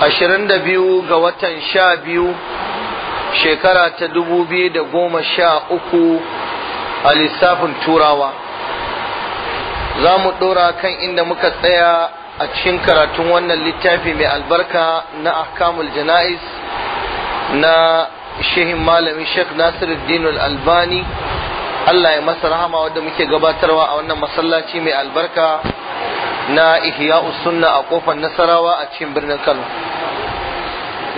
ashirin da biyu ga watan sha biyu shekara ta dubu biyu da goma sha uku a lissafin turawa za mu ɗora kan inda muka tsaya a cikin karatun wannan littafi mai albarka na ahkamul jana'is na shehin malami sheikh nasiruddin albani allah ya masa rahama wadda muke gabatarwa a wannan masallaci mai albarka na ihya sunna a kofar nasarawa a cikin birnin kano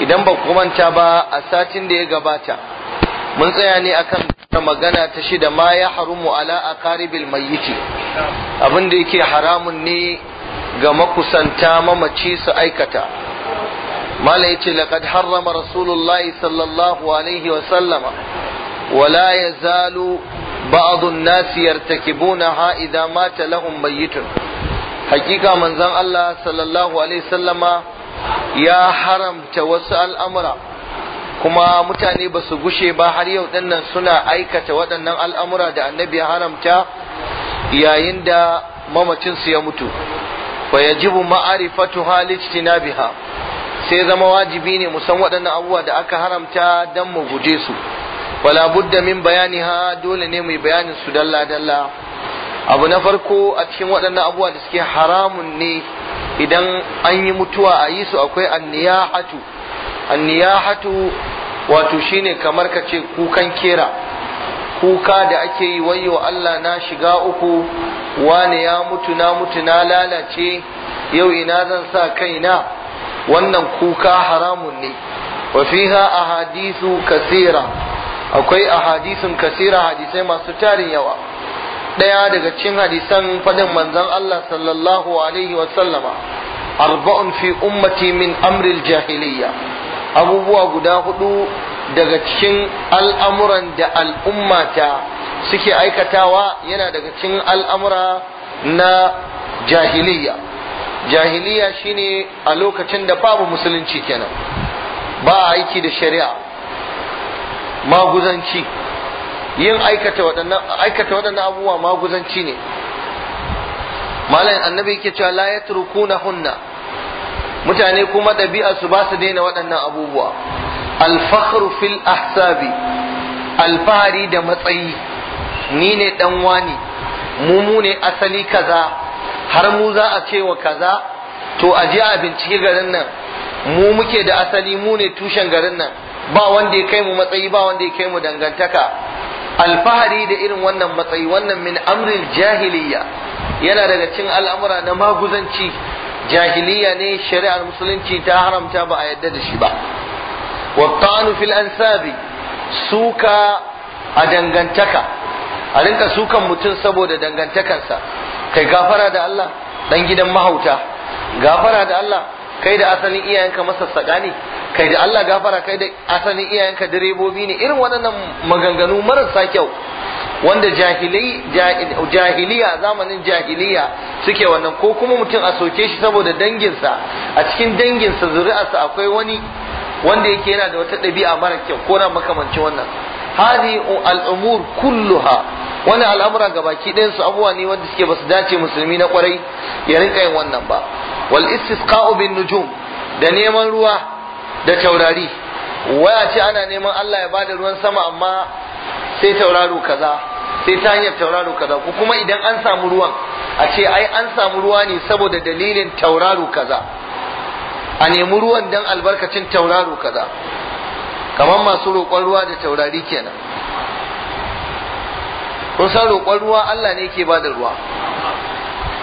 idan ba manta ba a satin da ya gabata mun tsaya ne akan magana ta shida ma ya harumu ala aqaribil mayyiti abin da yake haramun ne ga makusanta mamaci su aikata mala yace laqad harrama rasulullahi sallallahu alaihi wa sallama Wala ولا يزال nasi yartakibuna ha إذا mata lahum mayyitun hakika manzon Allah sallallahu alaihi sallama ya haramta wasu al'amura kuma mutane ba su gushe ba har yau dinnan suna aikata waɗannan al'amura da annabi ya haramta yayin da mamacinsu ya mutu fa yajibu ma'arifatu halittina biha sai zama wajibi ne mu san waɗannan abubuwa da aka haramta don mu guje su wala budda min bayaniha dole ne mu yi bayanin su dalla dalla abu na farko a cikin waɗannan abuwa da suke haramun ne idan an yi mutuwa a yi su akwai anniyahatu anniyahatu wato shine kamar ka ce kukan kera kuka da ake yi wayo Allah na shiga uku wane ya mutu na mutu na lalace yau ina zan sa kai na? wannan kuka haramun ne wa fiha hadisu kasira akwai hadisun kasira hadisai masu tarin yawa ɗaya daga cikin hadisan faɗin manzon Allah sallallahu alaihi wa sallama arba'un fi ummati min amril jahiliya abubuwa guda hudu daga cikin al'amuran da al'ummata suke aikatawa yana daga cikin al'amura na jahiliya jahiliya shine a lokacin da babu musulunci kenan ba aiki da shari'a maguzanci yin aikata waɗannan aikata waɗannan abubuwa maguzanci ne malam annabi yake cewa la yatrukuna hunna mutane kuma ɗabi'a su ba su daina waɗannan abubuwa alfakhru fil ahsabi alfahari da matsayi ni ne dan wani mu mu ne asali kaza har mu za a ce wa kaza to a je a bincike garin nan mu muke da asali mu ne tushen garin nan ba wanda ya kai mu matsayi ba wanda ya kai mu dangantaka alfahari da irin wannan matsayi wannan min amril jahiliya yana daga cin al'amura na maguzanci jahiliya ne shari'ar musulunci ta haramta ba a yadda da shi ba wattanu fil ansabi suka a dangantaka a rinka sukan mutum saboda dangantakansa kai gafara da Allah dan gidan mahauta gafara da Allah kai da asalin iyayenka masassaka ne kai da Allah gafara kai da asalin iyayenka direbobi ne irin waɗannan maganganu marasa kyau wanda jahiliya zamanin jahiliya suke wannan ko kuma mutum a soke shi saboda danginsa a cikin danginsa zuri'arsa akwai wani wanda yake yana da wata ɗabi'a mara kyau ko na makamancin wannan hadi al'umur kulluha wani al'amura ga baki ɗayan su abubuwa ne wanda suke basu dace musulmi na kwarai ya rinka yin wannan ba wal istisqa'u bin nujum da neman ruwa da taurari waya ce ana neman Allah ya bada ruwan sama amma sai tauraro kaza sai ta hanyar tauraro kaza ko kuma idan an samu ruwan a ce ai an samu ruwa ne saboda dalilin tauraro kaza a nemi ruwan dan albarkacin tauraro kaza kamar masu roƙon ruwa da taurari kenan kun san roƙon ruwa Allah ne ke bada ruwa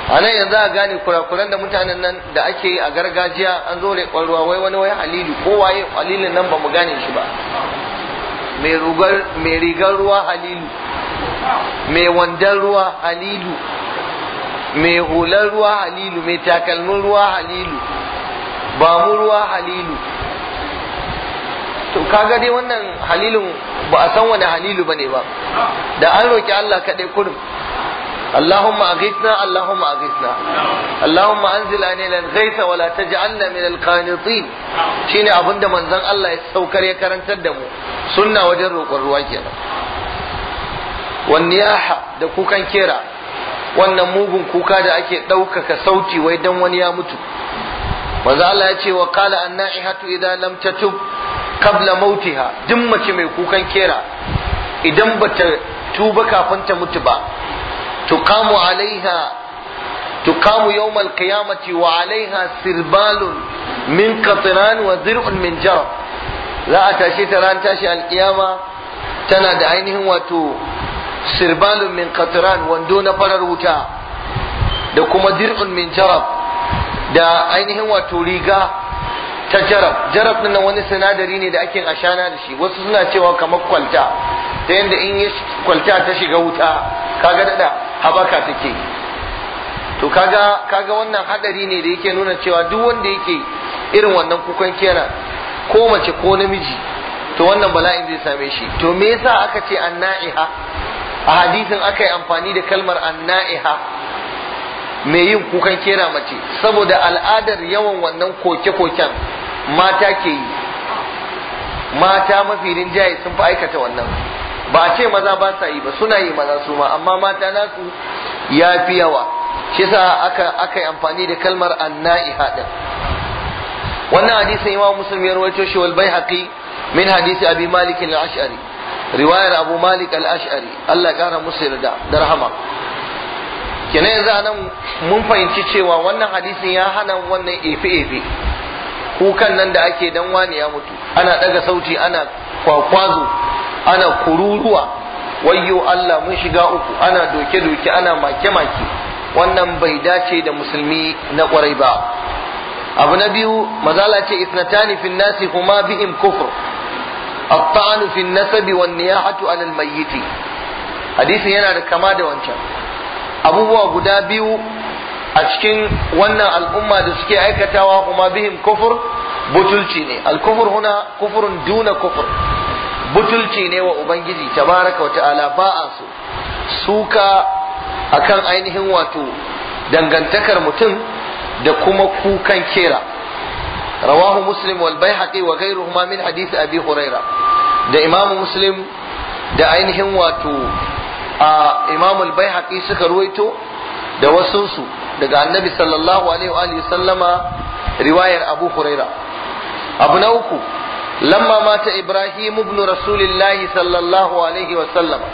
a nan yanzu a gane kurakuran da mutanen nan da ake yi a gargajiya an zo roƙon ruwa wai wani wai halilu ko waye halilin nan ba mu gane shi ba mai rigar ruwa halilu mai wandan ruwa halilu mai hular ruwa halilu mai takalmin ruwa halilu ba mu ruwa halilu to kaga wannan halilun ba a san wani halilu bane ba da an roki Allah ka dai kurum Allahumma aghithna Allahumma aghithna Allahumma anzil alayna al-ghaytha wa la taj'alna min al-qanitin shine abinda manzon Allah ya saukar ya karantar da mu sunna wajen roƙon ruwa kenan wannan da kukan kera wannan mugun kuka da ake ɗaukaka sauti wai dan wani ya mutu manzo Allah ya ce wa qala an-na'ihatu idza lam tatub qabla mautiha duk mace mai kukan kera idan bata tuba kafin ta mutu ba tuqamu alaiha tuqamu qiyamati wa alaiha sirbalun min qatran wa dir'un min jarab za a tashi ta ran tashi al tana da ainihin wato sirbalun min qatran wando na farar wuta da kuma dir'un min jarab da ainihin wato riga ta jarab jarab nan wani sinadari ne da ake ashana da shi wasu suna cewa kamar kwalta ta yadda in ya kwalta ta shiga wuta kaga dada habaka take to kaga kaga wannan hadari ne da yake nuna cewa duk wanda yake irin wannan kukan kenan ko mace ko namiji to wannan bala'in zai same shi to me yasa aka ce anna'iha a hadisin aka yi amfani da kalmar anna'iha mai yin kukan kera mace saboda al'adar yawan wannan koke-koken mata ke yi mata mafi rinjaye sun fi aikata wannan ba a ce maza ba sa yi ba suna yi maza su ma amma mata nasu ya fi yawa shi sa aka aka yi amfani da kalmar an'na'i haɗin wannan hadisin imam muslim ya rawaito shi wal baihaqi min hadisi abi malik al-ash'ari riwayar abu malik al-ash'ari Allah ya kara musu yarda da rahama kenan yanzu anan mun fahimci cewa wannan hadisin ya hana wannan efe-efe kukan nan da ake dan wani ya mutu ana daga sauti ana kwakwazo ana kururuwa wayyo Allah mun shiga uku ana doke-doke ana make-make wannan bai dace da musulmi na kwarai ba abu na biyu mazala ce isnatani fin nasi huma bihim kufr at-ta'anu fin nasabi wan niyahatu 'ala al-mayyit hadisin yana da kama da wancan abubuwa guda biyu a cikin wannan al'umma da suke aikatawa kuma bihim kufur butulci ne al-kufur huna kufurun duna kufur butulci ne wa ubangiji tabaraka wa ta'ala ba a so suka akan ainihin wato dangantakar mutum da kuma kukan kera rawahu muslim wal bayhaqi wa ghayruhuma min hadith abi huraira da imamu muslim da ainihin wato a Imam al suka ruwaito da wasunsu daga Annabi sallallahu alaihi wa sallama riwayar Abu Huraira abu na uku lamma mata Ibrahim ibn Rasulillahi sallallahu alaihi wa sallama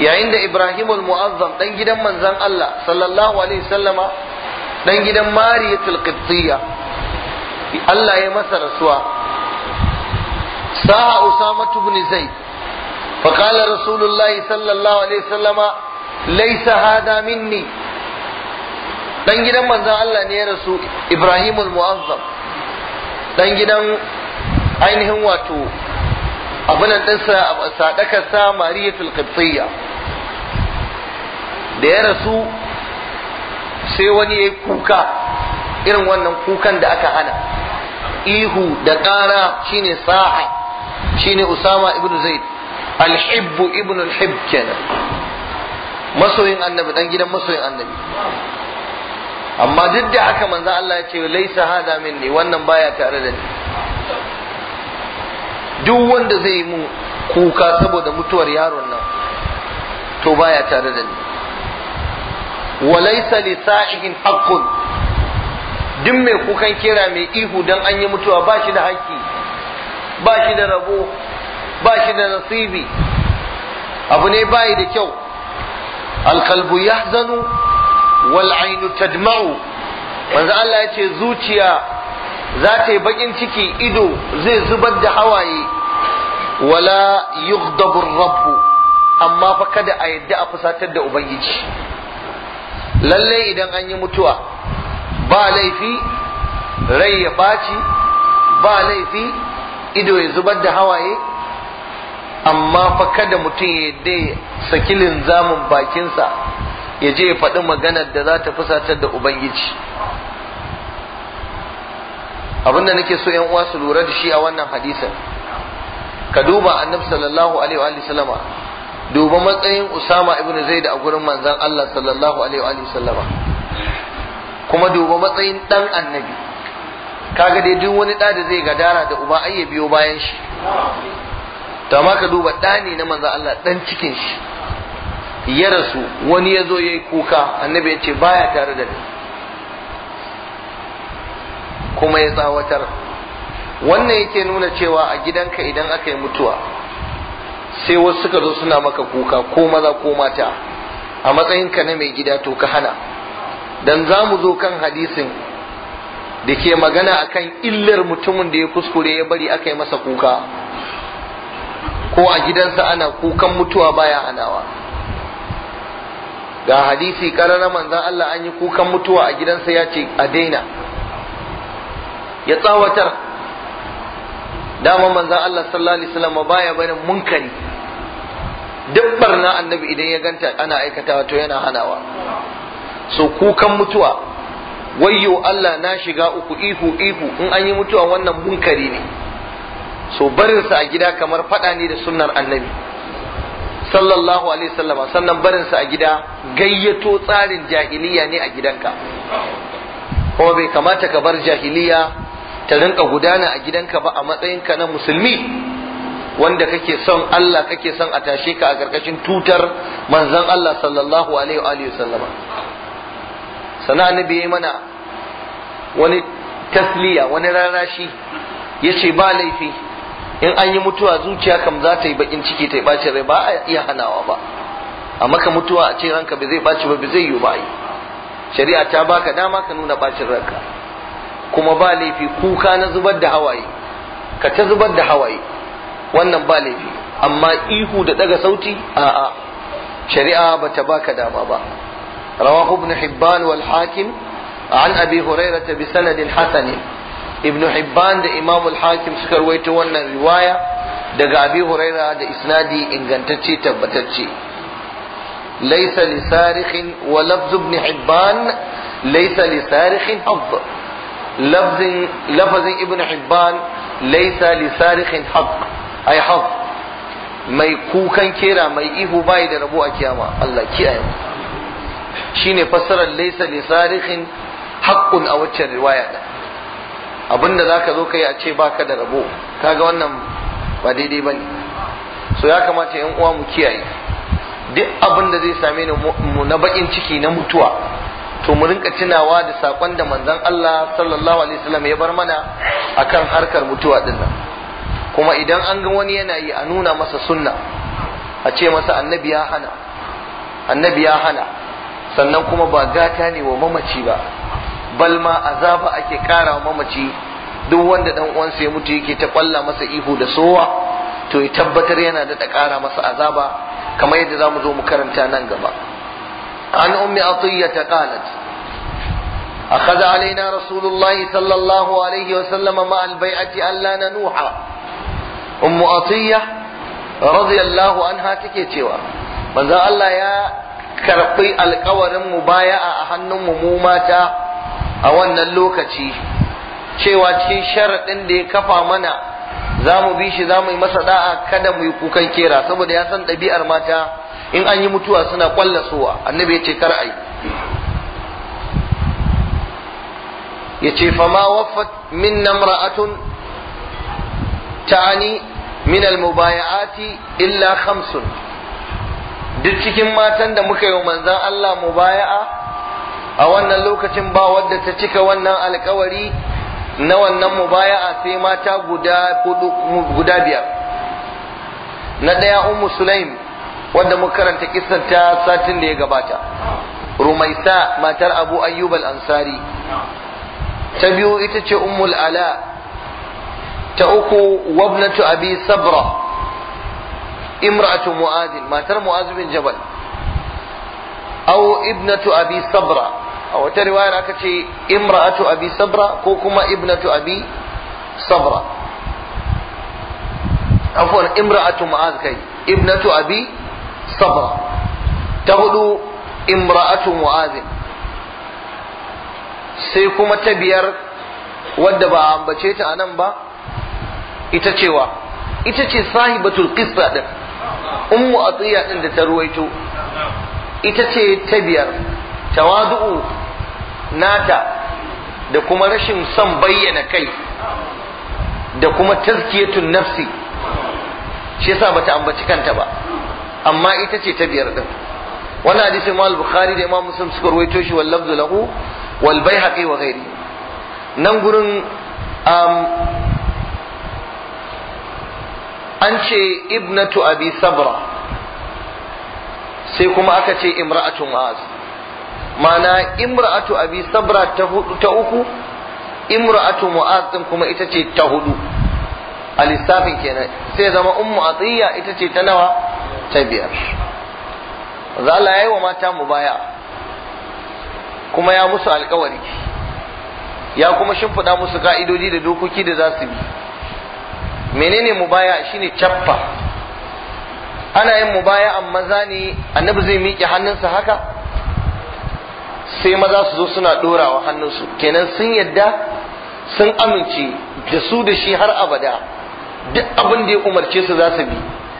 yayin da Ibrahim al-Mu'azzam dan gidan manzon Allah sallallahu alaihi wa sallama dan gidan Mariyatul Qibtiyya Allah ya masa rasuwa saha Usama ibn Zaid فقال رسول الله صلى الله عليه وسلم ليس هذا مني dan gidan manzon Allah ne ya rasu Ibrahim al dan gidan ainihin wato abunan ɗinsa sadakarsa Mariyatul Qibtiyya da ya rasu sai wani ya kuka irin wannan kukan da aka hana ihu da ƙara shine sa'a shine Usama ibnu Zaid alhibbu ibn alhib kenan masoyin annabi dan gidan masoyin annabi amma duk da haka manzo Allah ya ce laisa hada minni wannan baya tare da ni duk wanda zai mu kuka saboda mutuwar yaron nan to baya tare da ni walaisa li sa'ihin haqqun duk mai kukan kera mai ihu dan an yi mutuwa ba shi da haƙƙi ba shi da rabo ba shi da nasibi abu ne bayi da kyau alkalbu yahzanu wal ainu tadma'u manzo Allah yace zuciya za ta yi bakin ciki ido zai zubar da hawaye wala yughdabu rabbu amma fa kada a yadda a fusatar da ubangiji lallai idan an yi mutuwa ba laifi rai ya ɓaci ba laifi ido ya zubar da hawaye amma fa kada mutum ya dai sakilin zamun bakinsa ya je ya faɗi maganar da za ta fusatar da ubangiji abinda nake so yan uwa su lura da shi a wannan hadisan, ka duba sallallahu alaihi wa sallama duba matsayin usama ibn zaid a gurin manzon Allah sallallahu alaihi wa sallama kuma duba matsayin dan annabi kaga dai duk wani da da zai gadara da uba ai biyo bayan shi ta ma ka duba ɗani na manzan Allah ɗan cikin shi ya rasu wani ya zo ya yi kuka annabi ya ce baya tare da ni kuma ya tsawatar wannan yake nuna cewa a gidanka idan aka yi mutuwa sai wasu suka zo suna maka kuka ko maza ko mata a matsayin ka na mai gida to ka hana dan za mu zo kan hadisin da ke magana akan illar mutumin da ya kuskure ya bari aka yi masa kuka ko a gidansa ana kukan mutuwa baya hanawa ga hadisi karara manzan Allah an yi kukan mutuwa a gidansa ya ce a daina ya tsawatar dama manzan Allah sallallahu alaihi wasallam baya barin munkari duk barna annabi idan ya ganta ana aikatawa to yana hanawa so kukan mutuwa wayyo Allah na shiga uku ihu ihu in an yi mutuwa wannan munkari ne so barinsa a gida kamar fada ne da sunnar annabi sallallahu alaihi sallama sannan barinsa a gida gayyato tsarin jahiliya ne a gidanka kuma bai kamata ka bar jahiliya ta rinka gudana a gidanka ba a matsayinka na musulmi wanda kake son Allah kake son a tashe ka a karkashin tutar manzon Allah sallallahu alaihi wa sallama Sana'a annabi yayi mana wani tasliya wani rarashi yace ba laifi in an yi mutuwa zuciya kam za ta yi bakin ciki ta yi rai ba a iya hanawa ba a maka mutuwa a ce ranka ba zai bace ba ba zai yi ba yi shari'a ta baka dama ka nuna bacin ranka kuma ba laifi kuka na zubar da hawaye ka ta zubar da hawaye wannan ba laifi amma ihu da daga sauti a'a shari'a ba ta baka dama ba rawahu ibn hibban wal hakim an abi hurairah bi sanadin hasani ابن حبان da imam الحاكم hakim suka ونن wannan riwaya daga abi huraira da isnadi ingantacce tabbatacce laysa li wa lafz ibn hibban laysa لفظ sarikhin hadd lafzin lafazin ibn hibban laysa mai kukan kera mai ihu bai da rabo a kiyama Allah kiyaye shine fassarar laysa li sarikhin haqqun a waccan riwaya abinda za ka zo ka yi a ce baka da rabo kaga wannan ba daidai ba ne so ya kamata yan uwa mu kiyaye duk abin da zai same mu na bakin ciki na mutuwa to mu rinka tunawa da saƙon da manzon Allah sallallahu alaihi wasallam ya bar mana akan harkar mutuwa din nan kuma idan an ga wani yana yi a nuna masa sunna a ce masa annabi ya hana annabi ya hana sannan kuma ba gata ne wa mamaci ba balma azaba ake kara wa mamaci duk wanda dan uwansa ya mutu yake ta kwalla masa ihu da sowa to ya tabbatar yana da kara masa azaba kamar yadda zamu zo mu karanta nan gaba an ummi atiyya ta qalat أخذ علينا رسول الله صلى الله عليه وسلم مع البيعة ألا ننوح أم أطية رضي cewa, عنها تكيتوا من ذا الله يا كرقي القور مبايعة mu mata. a wannan lokaci cewa cikin sharaɗin da ya kafa mana za mu bi shi za mu yi masa da'a kada mu yi kukan kera saboda ya san ɗabi'ar mata in an yi mutuwa suna kwallasowa annabi ya ce kar yi. ya ce fama waffat min namra'atun ta'ani min almubaya'ati illa khamsun duk cikin matan da muka yi wa manzan Allah mubaya'a a wannan lokacin ba wadda ta cika wannan alkawari na wannan mubaya'a sai mata guda guda biyar na ɗaya ummu sulaim wadda muka karanta kisan ta satin da ya gabata rumaisa matar abu ayyub al-ansari ta biyu ita ce ummul ala ta uku wabnatu abi sabra imra'atu mu'adin matar mu'az bin jabal aw ibnatu abi sabra a wata riwayar aka ce imra'atu abi sabra ko kuma ibnatu abi sabra afwan imra'atu ma'az kai ibnatu abi sabra ta hudu imra'atu mu'azin sai kuma ta biyar wadda ba a ambace ta anan ba ita cewa ita ce sahibatul qissa din ummu atiya din da ta ruwaito ita ce ta biyar tawadu'u nata da kuma rashin son bayyana kai da kuma tazkiyatun nafsi shi yasa bata ambaci kanta ba amma ita ce ta biyar din wannan hadisi al Bukhari da Imam Muslim suka rawaito shi wal lafzu lahu wal bayhaqi wa ghairi nan gurin um, an ce ibnatu abi sabra sai kuma aka ce imra'atu ma'az mana imra'atu abi sabra ta hudu ta uku imra'atu mu'adh din kuma ita ce ta hudu a lissafin kenan sai zama ummu atiya ita ce ta nawa ta biyar zala yayi wa mata mu baya kuma ya musu alkawari ya kuma shimfiɗa musu ka'idodi da dokoki da za su bi menene mubaya shine cappa ana yin mubaya amma ne annabi zai miƙe hannunsa haka sai maza su zo suna ɗorawa hannunsu kenan sun yadda sun amince da su da shi har abada duk abin da ya umarce su za su bi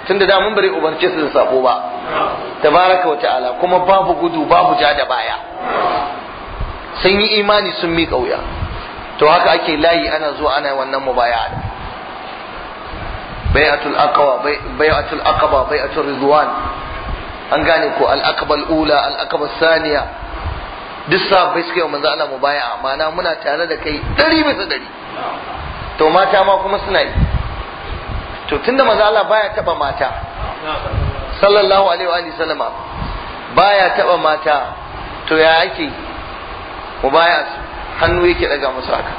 tunda da mun bari umarce su da sabo ba Da tabaraka wata ala kuma babu gudu babu ja da baya sun yi imani sun mi kauya to haka ake layi ana zuwa ana wannan mubaya'a bai'atul aqaba bai'atul aqaba bai'atul ridwan an gane ko al aqaba al ula al aqaba duk bai suka yi manzo Allah baya. ma'ana muna tare da kai dari bisa dari. to mata ma kuma suna yi to tunda manzo Allah baya taba mata sallallahu alaihi wa sallama baya taba mata to ya ake su hannu yake daga musu haka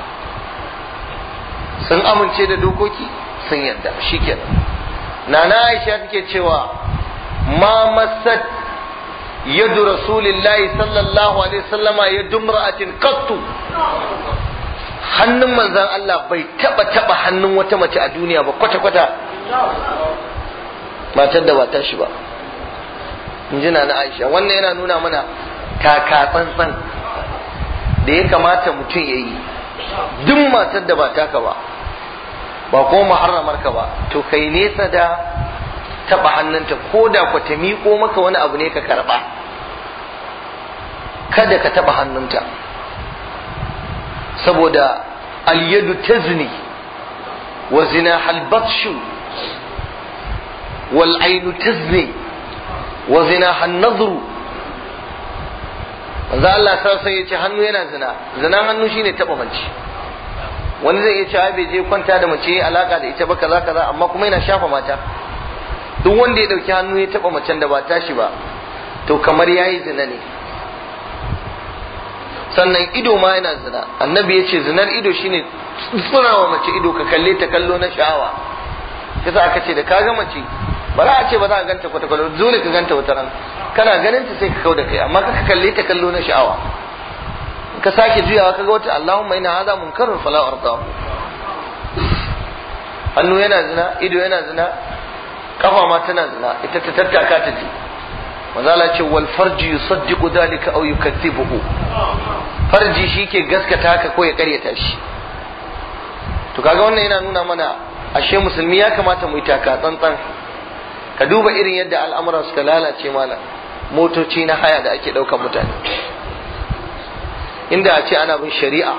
sun amince da dokoki sun yadda shikenan nana Aisha take cewa ma masat yadu rasulillahi sallallahu alaihi wasallama yadu mar'atin qattu hannun manzan Allah bai taba taba hannun wata mace a duniya ba kwata kwata matar da ba ta shi ba injina na Aisha wannan yana nuna mana kaka tsantsan da ya kamata mutum ya yi duk matar da ba taka ba ba ko muharramar ka ba to kai nesa da taba hannunta ko da ku ta miƙo maka wani abu ne ka karba kada ka taba hannunta saboda alyadu tazni wa zina halbatshu wal ainu tazni wa zina hannazru manzo Allah sai ya ce hannu yana zina Zina hannu shine taba mace wani zai iya cewa bai je kwanta da mace alaka da ita ba kaza kaza amma kuma yana shafa mata duk wanda ya dauki hannu ya taba macen da ba tashi ba to kamar yayi zina ne sannan ido ma yana zina annabi ya ce zinar ido shine tsunawa mace ido ka kalle ta kallo na sha'awa yasa aka ce da ka ga mace ba za a ce ba za a ganta kwata kwata dole ka ganta wata ran kana ganin ta sai ka kau da kai amma ka kalle ta kallo na sha'awa ka sake juyawa ka ga wata Allahumma inna hadha munkarun fala arda hannu yana zina ido yana zina kafa ma tana zina ita ta tattaka ta ce mazala ce wal farji yusaddiqu dhalika aw yukaththibuhu farji shike gaskata ka ko ya karyata shi to kaga wannan yana nuna mana ashe musulmi ya kamata mu yi taka tsantsan ka duba irin yadda al'amuran suka lalace mana motoci na haya da ake ɗaukan mutane inda a ce ana bin shari'a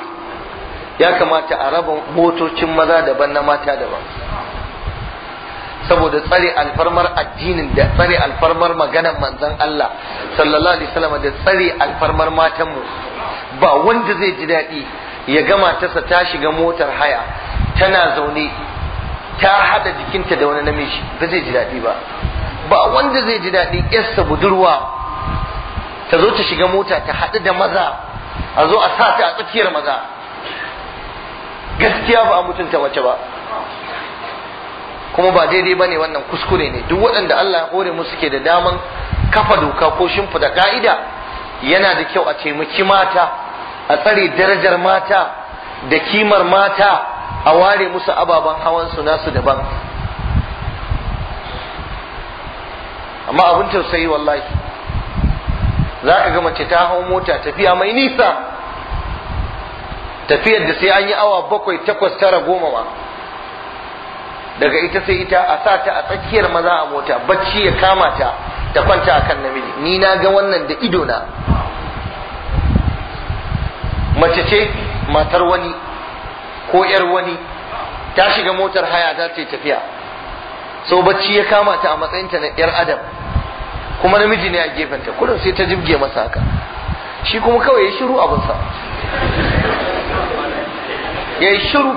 ya kamata a raba motocin maza daban na mata daban saboda tsare alfarmar addinin da tsare alfarmar maganar manzon Allah sallallahu alaihi wasallam da tsare alfarmar matanmu ba wanda zai ji daɗi ya gama tasa ta shiga motar haya tana zaune ta hada jikinta da wani namiji ba zai ji daɗi ba ba wanda zai ji daɗi yarsa budurwa ta zo ta shiga mota ta haɗu da maza a zo a sa ta a tsakiyar maza gaskiya ba a mutunta mace ba kuma ba daidai bane wannan kuskure ne duk waɗanda Allah ya hore musu ke da daman kafa doka ko shimfida ka'ida yana da kyau a taimaki mata a tsare darajar mata da kimar mata a ware musu ababen hawan su nasu daban amma abin tausayi wallahi za ka ga mace ta hau mota tafiya mai nisa tafiyar da sai an yi awa bakwai takwas tara goma ba. daga ita sai ita a sa ta a tsakiyar maza a mota bacci ya kama ta ta kwanta kan namiji ni na ga wannan da ido na mace ce matar wani ko yar wani ta shiga motar haya ta ce tafiya so bacci ya kama ta a matsayinta na yar adam kuma namiji ne a gefenta kudin sai ta jibge masa haka shi kuma kawai ya shiru abinsa ya yi shiru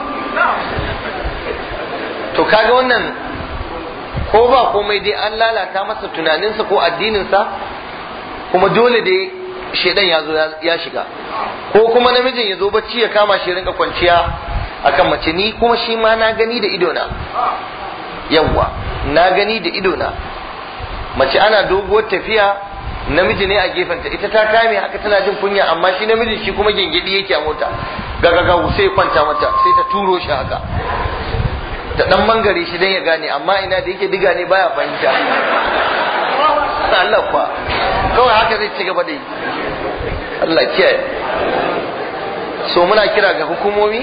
to kaga wannan ko ba komai dai an lalata masa tunaninsa ko addininsa kuma dole dai shedan ya zo ya shiga ko kuma namijin ya zo bacci ya kama shi rinka kwanciya akan mace ni kuma shi ma na gani da idona yawwa na gani da idona mace ana doguwar tafiya namiji ne a gefenta ita ta kame haka tana jin kunya amma shi namiji shi kuma gengedi yake a mota ga sai kwanta mata sai ta turo shi haka Da dan mangare shi dan ya gane amma ina da yake diga ne baya fahimta Allah fa kawai haka zai ci gaba da yi Allah kiyaye so muna kira ga hukumomi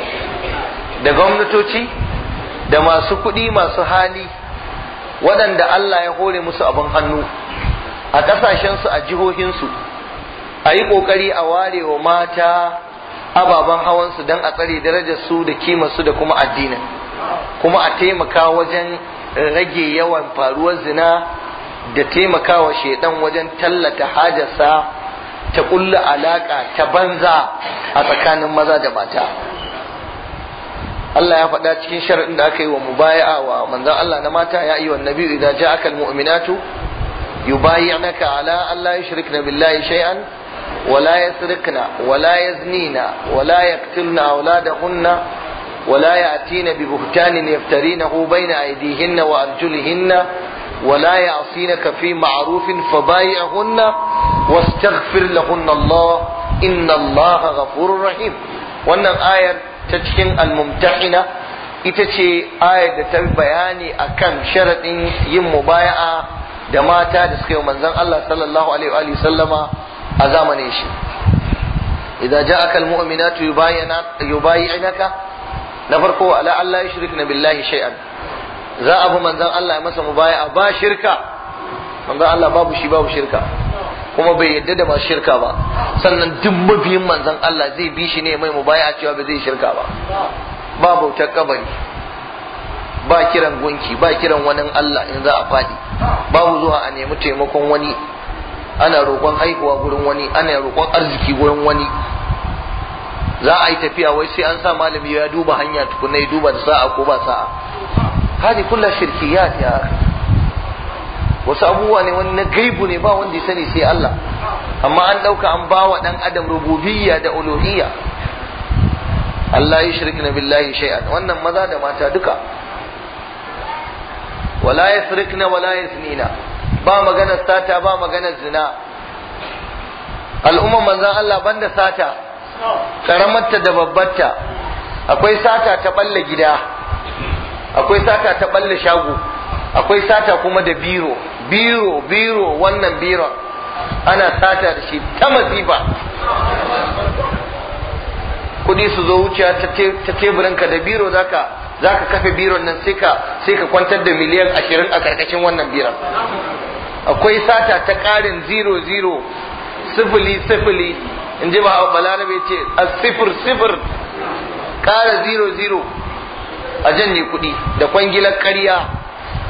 da gwamnatoci da masu kuɗi masu hali waɗanda Allah ya hore musu abin hannu a ƙasashensu a jihohinsu a yi ƙoƙari a ware wa mata ababen hawansu don a tsare su da kimarsu da kuma addinin kuma a taimaka wajen rage yawan faruwar zina da taimakawa shaidan wajen tallata hajarsa ta kulla alaka ta banza a tsakanin maza da mata Allah ya faɗa cikin shari'in da aka yi wa mubaya'a wa manzon Allah na mata ya yi wa nabi idan ja'akal mu'minatu yubayi'naka ala Allah yushrikna billahi shay'an ولا يسرقن ولا يزنين ولا يقتلن أولادهن ولا يأتين ببهتان يفترينه بين أيديهن وأرجلهن ولا يعصينك في معروف فبايعهن واستغفر لهن الله إن الله غفور رحيم wannan ayar ta cikin almumtahina ita ce ayar da ta bayani a kan sharaɗin yin mubaya'a da mata da suka yi manzon Allah sallallahu alaihi wa sallama a zamanin shi idan ja'aka almu'minatu yubayyinaka na farko ala Allah ya shirka na billahi shay'an za a bi manzan Allah ya masa mubaya ba shirka manzan Allah babu shi babu shirka kuma bai yadda da ba shirka ba sannan duk mabiyin manzan Allah zai bi shi ne mai mubaya cewa ba zai shirka ba ba bauta kabari ba kiran gunki ba kiran wani Allah in za a faɗi babu zuwa a nemi taimakon wani ana roƙon haihuwa gurin wani ana roƙon arziki gurin wani za a yi tafiya wai sai an sa malami ya duba hanya tukunna ya duba da sa'a ko ba sa'a hadi kullu shirkiyat ya wasu abubuwa ne wani na gaibu ne ba wanda ya sani sai Allah amma an dauka an bawa dan adam rububiyya da uluhiyya Allah ya shirkina billahi shay'an wannan maza da mata duka wala yasrikna wala yasnina ba magana sata ba magana zina al'umma manzan Allah banda sata karamarta da babbarta akwai sata ta balle gida akwai sata ta balle shago akwai sata kuma da biro biro biro wannan biro ana sata da shi ta masifa kudi su zo wuciya ta teburinka da biro zaka zaka kafe biron nan sai ka sai ka kwantar da miliyan ashirin a karkashin wannan biro. akwai sata ta karin zero zero sifili sifili in ji ba balarabe ce a sifir sifir ƙara zero zero a janye kuɗi da kwangilar ƙarya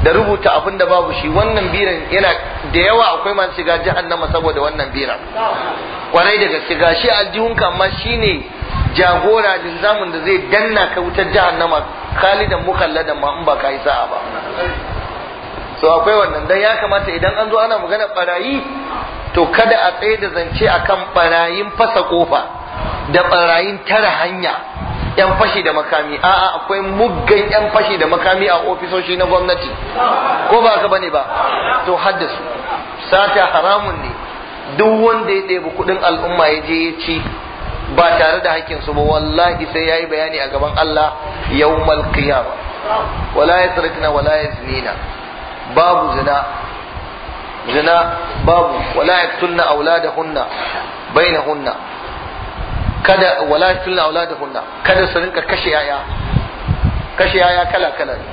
da rubuta abin da babu shi wannan biran yana da yawa akwai masu shiga jahannama saboda wannan biran kwarai da gaske gashi aljihunka amma ne jagora linzamin da zai danna ka wutar jahannama khalidan mukalladan ma in ba ka yi sa'a ba so akwai wannan dan ya kamata idan an zo ana magana barayi to kada a tsaye da zance akan barayin fasa kofa da barayin tara hanya yan fashi da makami a'a akwai muggan yan fashi da makami a ofisoshi na gwamnati ko ba ka bane ba to haddasu sata haramun ne duk wanda ya ɗebi kuɗin al'umma ya je ya ci ba tare da hakkin su ba wallahi sai ya yi bayani a gaban Allah yawmal ba wala ya yasrikna wala ya zinina babu zina zina babu wala yaqtulna auladahunna bainahunna kada wala yaqtulna auladahunna kada su rinka kashe yaya kashe yaya kala kala ne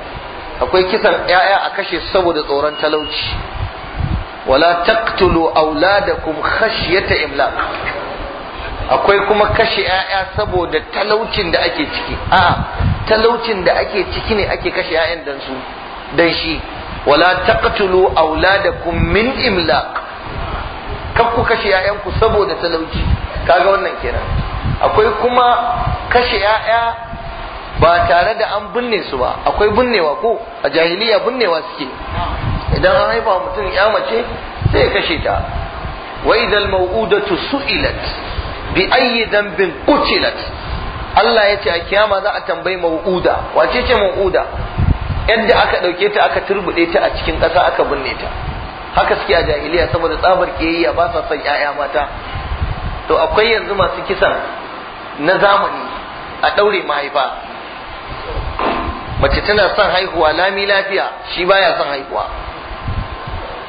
akwai kisar yaya a kashe saboda tsoron talauci wala taqtulu auladakum khashyata imlaq akwai kuma kashe 'ya'ya saboda talaucin da ake ciki a talaucin da ake ciki ne ake kashe 'ya'yan dan su dan shi wala taqtulu auladakum min imlaq kar ku kashe 'ya'yanku saboda talauci kaga wannan kenan akwai kuma kashe 'ya'ya ba tare da an binne su ba akwai binnewa ko a jahiliya binnewa suke idan an haifa mutum ya mace sai ya kashe ta wa idal mau'udatu su'ilat bi ayyi dhanbin qutilat Allah ya ce a kiyama za a tambayi mau'uda wace ce mau'uda yadda aka ɗauke ta aka turbuɗe ta a cikin ƙasa aka binne ta haka suke a jahiliya saboda tsabar kiyayya ba sa son ‘ya'ya mata to akwai yanzu masu kisan na zamani a ɗaure mahaifa mace tana son haihuwa lami lafiya shi baya son haihuwa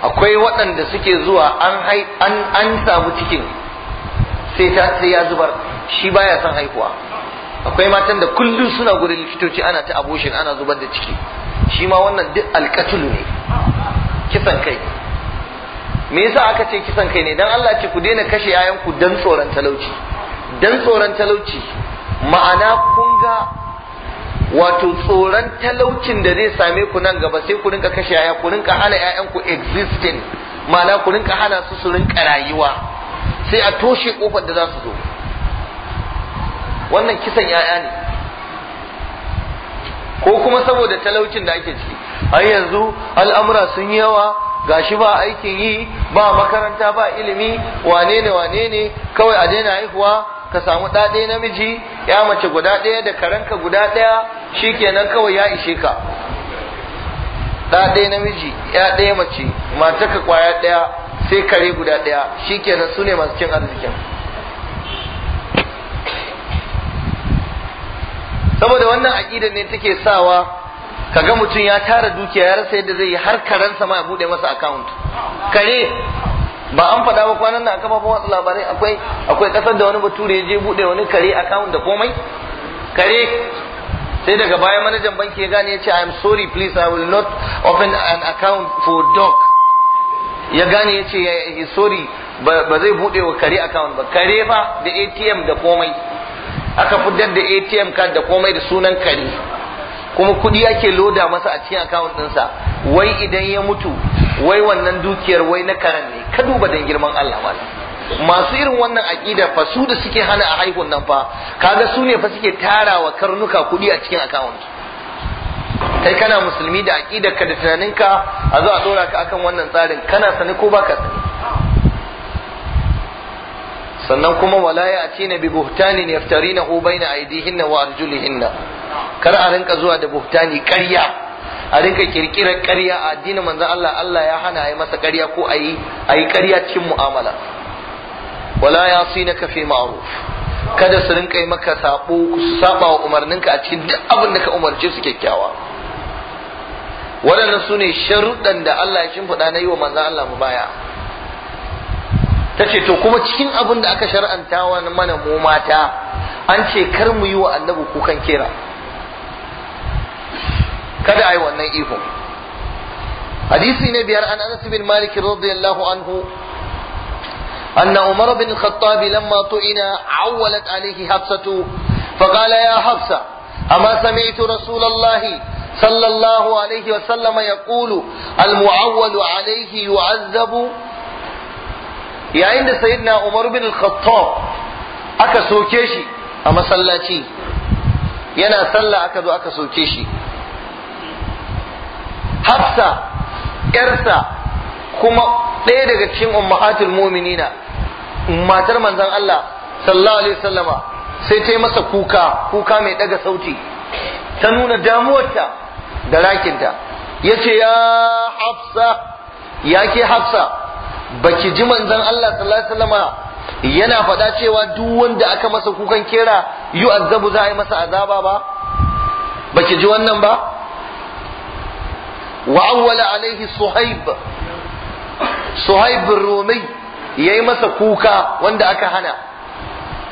akwai waɗanda suke zuwa an samu cikin sai ya zubar shi baya son haihuwa akwai matan da kullum suna gurin likitoci ana ta abushin ana zubar da ciki shi ma wannan duk alkatul ne kisan kai me yasa aka ce kisan kai ne dan Allah ce ku daina kashe yayan ku dan tsoron talauci dan tsoron talauci ma'ana kun ga wato tsoron talaucin da zai same ku nan gaba sai ku rinka kashe yaya ku rinka hana yayan ku existing ma'ana ku rinka hana su su rinka rayuwa sai a toshe kofar da za su zo wannan kisan yaya ne ko kuma saboda talaucin da ake ciki har yanzu al'amura sun yawa gashi ba aikin yi ba makaranta ba ilimi wane ne wane ne kawai a daina haihuwa ka samu ɗa namiji ya mace guda ɗaya da karanka guda ɗaya shikenan kawai ya ishe ka ɗa namiji ya ɗaya mace mataka kwaya ɗaya sai kare guda ɗaya shikenan sune masu cin arzikin saboda wannan aqidar ne take sawa kaga mutum ya tara dukiya ya rasa yadda zai yi har karansa ma ya bude masa account kare ba an fada ba kwanan nan a kafafen watsa labarai akwai akwai kasar da wani bature ya je bude wani kare account da komai kare sai daga baya manajan banki ya gane ya ce i am sorry please i will not open an account for dog ya gane ya ce sorry ba zai bude wa kare account ba kare fa da atm da komai aka fitar da atm card da komai da sunan kare kuma kudi ake loda masa a cikin account ɗinsa wai idan ya mutu wai wannan dukiyar wai na karan ne ka duba dan girman Allah ma masu irin wannan aƙida fa su da suke hana a haihun nan fa kaga su ne fa suke tarawa karnuka kuɗi a cikin account kai kana musulmi da aƙidar ka da tunaninka a zo a dora ka akan wannan tsarin kana sani ko baka sani sannan kuma wala ya na bi buhtanin yaftarinahu baina aydihinna wa arjulihinna kar a rinka zuwa da buhtani karya a rinka kirkirar karya a addinin manzon Allah Allah ya hana a yi masa karya ko a yi karya cikin mu'amala wala ya na kafe ma'ruf kada su rinka yi maka sabo su saba wa umarninka a cikin duk abin da ka umarce su kyakkyawa waɗannan su ne sharuɗan da Allah ya shimfiɗa na yi wa Allah mu baya ta ce to kuma cikin abin da aka shar'anta wa mana mu mata an ce kar mu yi wa annabi kukan kera kada a yi wannan ihun hadisi na biyar an anas bin malik radiyallahu anhu أن عمر بن الخطاب لما طئن عولت عليه حفصة فقال يا حفصة أما سمعت رسول الله صلى الله عليه وسلم يقول المعول عليه يعذب yayin da sayyidina Umar bin al-Khattab aka soke shi a masallaci yana sallah aka zo aka soke shi Hafsa yarsa kuma ɗaya daga cikin ummahatul mu'minina matar manzon Allah sallallahu alaihi wasallama sai ta yi masa kuka kuka mai ɗaga sauti ta nuna damuwarta da rakinta yace ya Hafsa ya ke Hafsa baki ji manzon Allah sallallahu alaihi yana faɗa cewa duk wanda aka masa kukan kera yu azabu za a yi masa azaba ba baki ji wannan ba wa awwala alaihi suhaib suhaib rumi yayi masa kuka wanda aka hana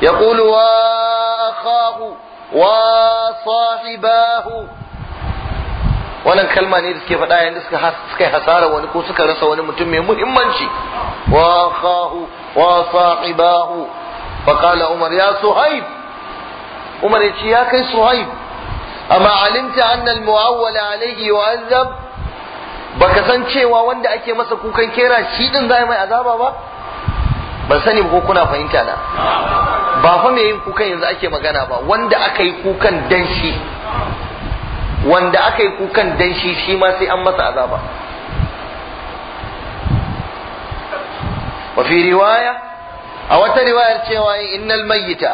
yaqulu wa akhahu wa sahibahu wannan kalma ne da suke faɗa yayin da suka suka yi hasara wani ko suka rasa wani mutum mai muhimmanci wa khahu wa sahibahu fa qala umar ya suhaib umar ya ce ya kai suhaib amma alimta anna al muawwala alayhi yu'azzab baka san cewa wanda ake masa kukan kera shi din zai mai azaba ba ban sani ba ko kuna fahimta na ba fa mai yin kukan yanzu ake magana ba wanda aka yi kukan dan shi wanda aka yi kukan dan shi shi ma sai an masa azaba wa riwaya a wata riwayar cewa innal mayyita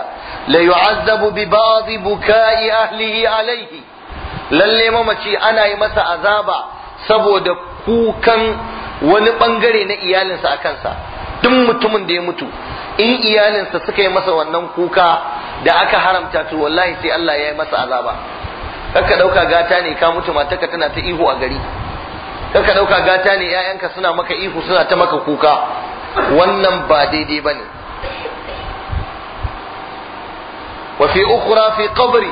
la yu'azzabu bi ba'dhi buka'i ahlihi alayhi lalle mamaci ana yi masa azaba saboda kukan wani bangare na iyalinsa a kansa duk mutumin da ya mutu in iyalinsa suka yi masa wannan kuka da aka haramta to wallahi sai Allah ya yi masa azaba kakka dauka gata ne ka mutu matarka tana ta ihu a gari kakka dauka gata ne 'ya'yanka suna maka ihu suna ta maka kuka wannan ba daidai bane wa fi ukhra fi qabri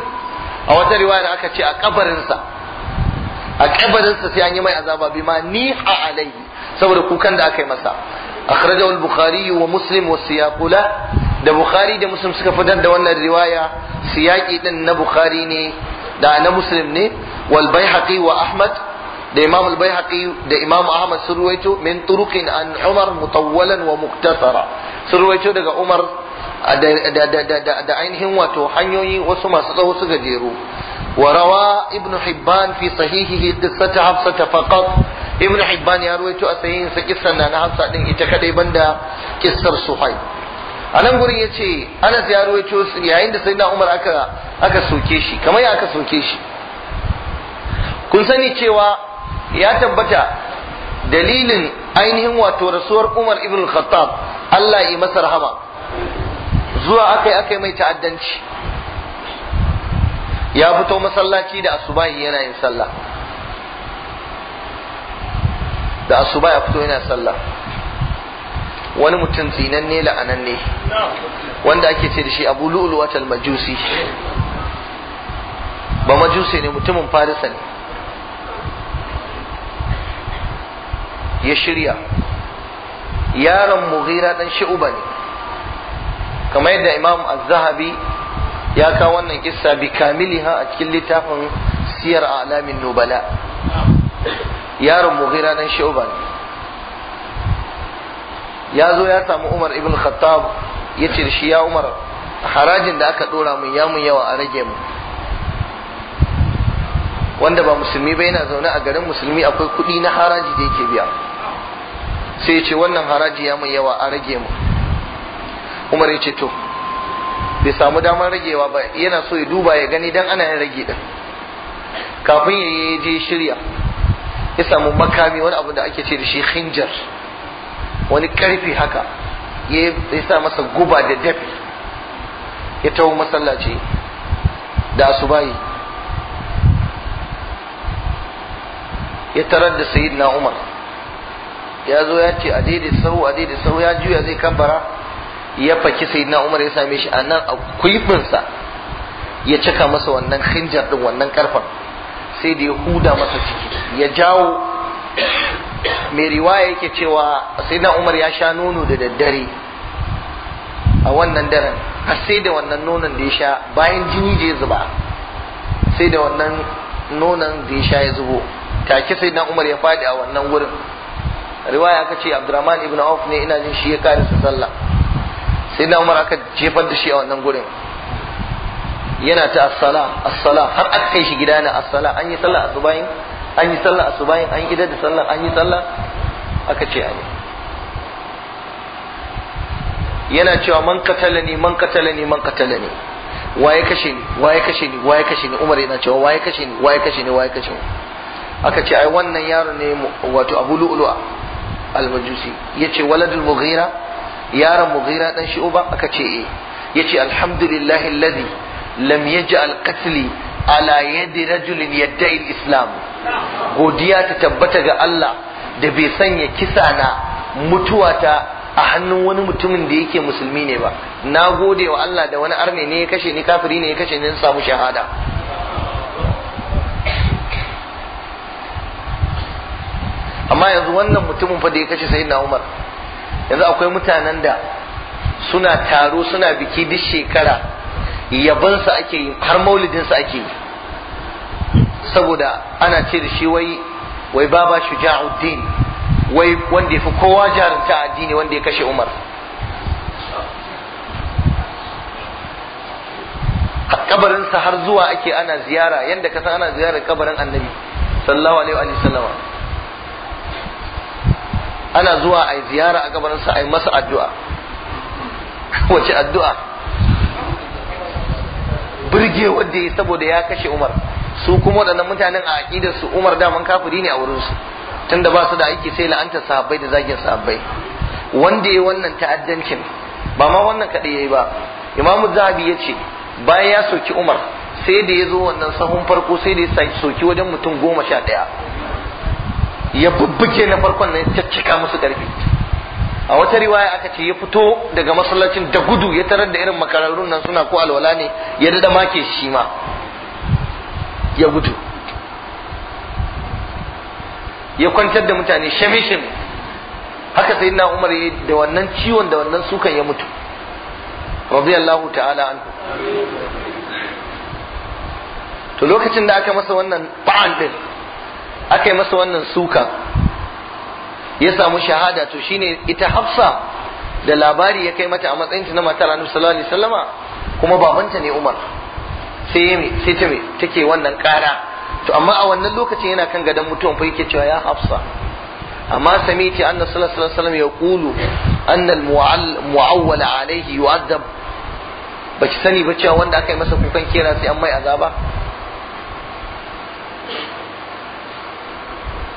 a wata riwaya aka ce a kabarinsa a kabarinsa sai an yi mai azaba bi ma ni a alaihi saboda kukan da aka yi masa akhrajahu al-bukhari wa muslim wa siyaqula da bukhari da muslim suka fitar da wannan riwaya siyaqi din na bukhari ne da na muslim ne wal bayhaqi wa ahmad da imam al bayhaqi da imam ahmad sun min turuqin an umar mutawwalan wa muqtasara sun daga umar da da da ainihin wato hanyoyi wasu masu tsawo gajeru wa rawa ibnu hibban fi sahihihi qissata hafsa faqat ibnu hibban ya ruwaito a sahihin sa kissan na hafsa din ita kadai banda kissar suhayb anan nan gurin ya ce anas ya ruwaito yayin da sai na umar aka aka soke shi kamar ya aka soke shi kun sani cewa ya tabbata dalilin ainihin wato rasuwar umar ibn khattab Allah yi masa rahama zuwa akai akai mai ta'addanci ya fito masallaci da asubahi yana yin sallah da asuba ya fito yana sallah wani mutum tsinanne la'ananne wanda ake ce da shi abu lu'ulwatal majusi ba majusi ne mutumin farisa ne ya shirya yaron mughira dan shi'uba ne kamar yadda imam az-zahabi ya kawo wannan kissa bi kamiliha a cikin littafin siyar alamin nubala yaron mughira dan shi'uba ne ya zo ya samu Umar ibn Khattab ya ce shi ya Umar harajin da aka dora mun ya mun yawa a rage mu wanda ba musulmi ba yana zaune a garin musulmi akwai kuɗi na haraji da yake biya sai ya ce wannan haraji ya mun yawa a rage mu Umar ya ce to bai samu damar ragewa ba yana so ya duba ya gani dan ana yin rage din kafin ya je shirya ya samu makami wani abu da ake ce da shi khinjar wani karfi haka ya sa masa guba da dafi ya tawo masallaci da asubayi ya tarar da sayidina umar ya zo ya ce a daidai sau a daidai sau ya juya zai kabbara ya faki sayidina umar ya same shi a nan a kuifinsa ya cika masa wannan hinjar din wannan karfan sai da ya huda masa ciki ya jawo mai riwaya yake cewa na umar ya sha nono da daddare a wannan daren har sai da wannan nonon da ya sha bayan jini da ya zuba sai da wannan nonon da ya sha ya zubo take na umar ya fadi a wannan wurin riwaya aka ce abdurrahman ibn auf ne ina jin shi ya kare su sallah na umar aka jefar da shi a wannan gurin yana ta as-sala as-sala har aka kai shi gida na as-sala an yi sallah zubayin an yi sallah asubahin an yi da sallah an yi sallah aka ce a yana cewa man katala ni man katala ni man katala ni waye kashe ni waye kashe ni waye kashe ni umar yana cewa waye kashe ni waye kashe ni waye kashe ni aka ce ai wannan yaro ne wato abu lu'lu'a al-majusi yace waladul mughira yaron mughira dan shi'uba aka ce eh yace alhamdulillahi alladhi lam yaj'al qatli ala yadi rajulin yaddai islam godiya ta tabbata ga Allah da bai sanya kisa na mutuwata a hannun wani mutumin da yake musulmi ne ba na gode wa Allah da wani arme ne ya kashe ni kafiri ne ya kashe ni na samu shahada amma yanzu wannan mutumin fa da ya kashe sayyidina Umar yanzu akwai mutanen da suna taro suna biki duk shekara yabonsa ake yi har maulidinsa ake yi saboda ana ce da shi wai wai baba shuja'uddin wai wanda ya fi kowa jarumta addini wanda ya kashe umar kabarinsa har zuwa ake ana ziyara yadda ka san ana ziyarar kabarin annabi sallallahu alaihi wa sallama ana zuwa a ziyara a kabarinsa a yi masa addu'a wace addu'a birge wanda ya saboda ya kashe Umar su kuma waɗannan mutanen a aqidar su Umar daman kafiri ne a wurin su tunda ba su da aiki sai la'anta sahabbai da zagin sahabbai wanda ya wannan ta'addancin ba ma wannan kaɗai yayi ba Imam Zahabi ya ce bayan ya soki Umar sai da ya zo wannan sahun farko sai da ya soki wajen mutum goma sha ɗaya ya bubbuke na farkon nan ya cika musu ƙarfi a wata riwaya aka ce ya fito daga masallacin da gudu ya tarar da irin makararrun nan suna ko alwala ne ya dada make shi ma ya gudu ya kwantar da mutane shamishin haka sai na umar ya da wannan ciwon da wannan sukan ya mutu radiyallahu ta'ala an to lokacin da aka masa wannan ba'an din aka yi masa wannan suka ya samu shahada to shine ita hafsa da labari ya kai mata a matsayinta na matar annabi sallallahu alaihi wasallama kuma babanta ne umar sai sai ta me take wannan kara to amma a wannan lokacin yana kan gadon mutuwan fa yake cewa ya hafsa amma samiti anna sallallahu alaihi wasallam kulu anna al-mu'awwala alaihi yu'adhab baki sani ba cewa wanda aka yi masa kukan kera sai an mai azaba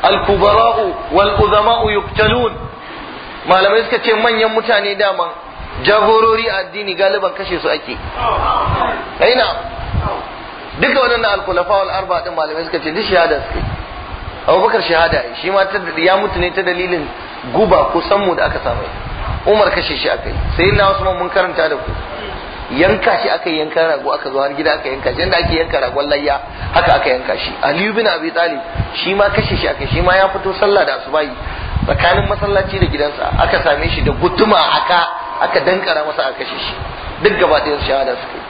al-kubara'u wal uzama'u yuqtalun malamai suka ce manyan mutane daman jagorori addini galiban kashe su ake aina duka wannan al kulafa wal arba din malamai suka ce duk shahada suke Abubakar shahada shi ma ya mutu ne ta dalilin guba ko sammu da aka samu Umar kashe shi akai sai na Usman mun karanta da ku yanka shi aka yanka rago aka zo har gida aka yanka shi inda ake yanka ragon layya haka aka yanka shi aliyu bin abi talib shi ma kashe shi aka shi ma ya fito sallah da asubahi tsakanin masallaci da gidansa aka same shi da gutuma aka aka dankara masa aka kashe shi duk gaba ɗayan shahada suka yi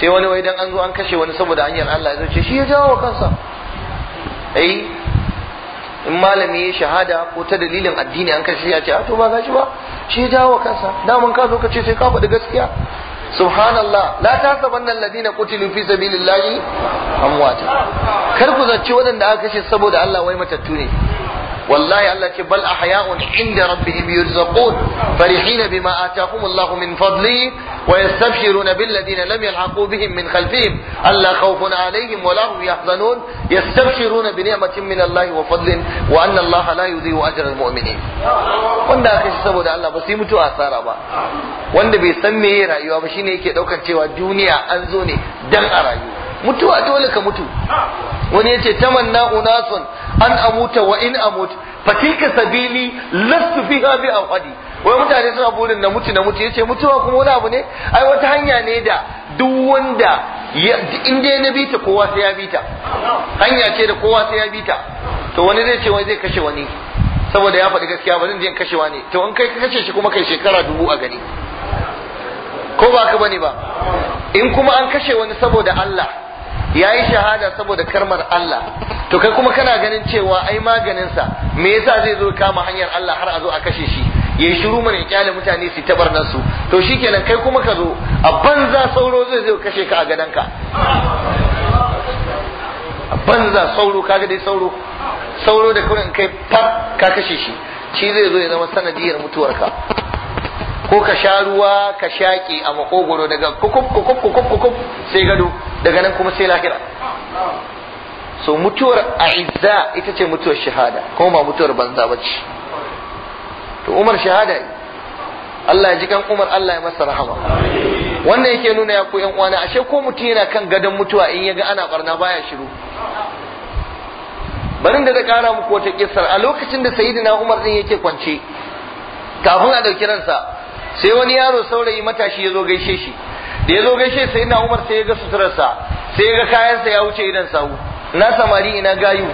sai wani wai dan an zo an kashe wani saboda hanyar Allah ya zo ce shi ya jawo kansa eh in malami ya shahada ko ta dalilin addini an kashi ya ce a ah, to ba gashi ba shi ya dawo kansa daman ka zo ka ce sai ka faɗi gaskiya subhanallah la tasabanna ladina qutilu fi sabilillahi amwata kar ku zaci waɗanda aka kashe saboda Allah wai matattu ne wallahi Allah ce bal ahya'un inda rabbihim yurzaqun farihina bima atahum Allah min fadli wa yastabshiruna bil ladina lam yalhaqu bihim min khalfihim alla khawfun alaihim wa lahum yahzanun yastabshiruna bi Allah wa fadlin wa anna Allah la yudhi'u ajra al mu'minin wanda saboda Allah ba sai mutu asara ba wanda bai san meye rayuwa ba shine yake daukar cewa duniya ne a dole ka mutu wani yace tamanna unasun an amuta wa in amut tilka sabili lastu fiha bi awadi wai mutane suna burin na mutu na mutu yace mutuwa kuma wani abu ne ai wata hanya ne da duk wanda in dai na bita kowa sai ya bita hanya ce da kowa sai ya bita to wani zai ce wai zai kashe wani saboda ya faɗi gaskiya ba zan je kashewa ne to in kai kashe shi kuma kai shekara dubu a gani ko ba ka bane ba in kuma an kashe wani saboda Allah ya yi shahada saboda karmar Allah to kai kuma kana ganin cewa ai maganinsa me yasa zai zo kama hanyar Allah har a zo a kashe shi yayi shiru mana ya kyale mutane su tabar nan su to shikenan kai kuma ka zo a banza sauro zai zo kashe ka a gadanka a banza sauro kaga dai sauro sauro da kurin kai fa ka kashe shi shi zai zo ya zama sanadiyar mutuwarka ko ka sha ruwa ka shaƙe a makogoro daga kukuf kukuf kukuf sai gado daga nan kuma sai lahira so mutuwar a'izza ita ce mutuwar shahada kuma ba mutuwar banza bace to umar shahada Allah ya ji kan umar Allah ya masa rahama wannan yake nuna ya ku yan uwana ashe ko mutum yana kan gadon mutuwa in ya ga ana barna baya shiru barin da da kara muku wata kissar a lokacin da sayyidina umar din yake kwance kafin a dauki ransa sai wani yaro saurayi matashi ya zo gaishe shi da ya zo gaishe sai na umar sai ya ga suturarsa sai ya ga kayansa ya wuce idan sawu na samari ina gayu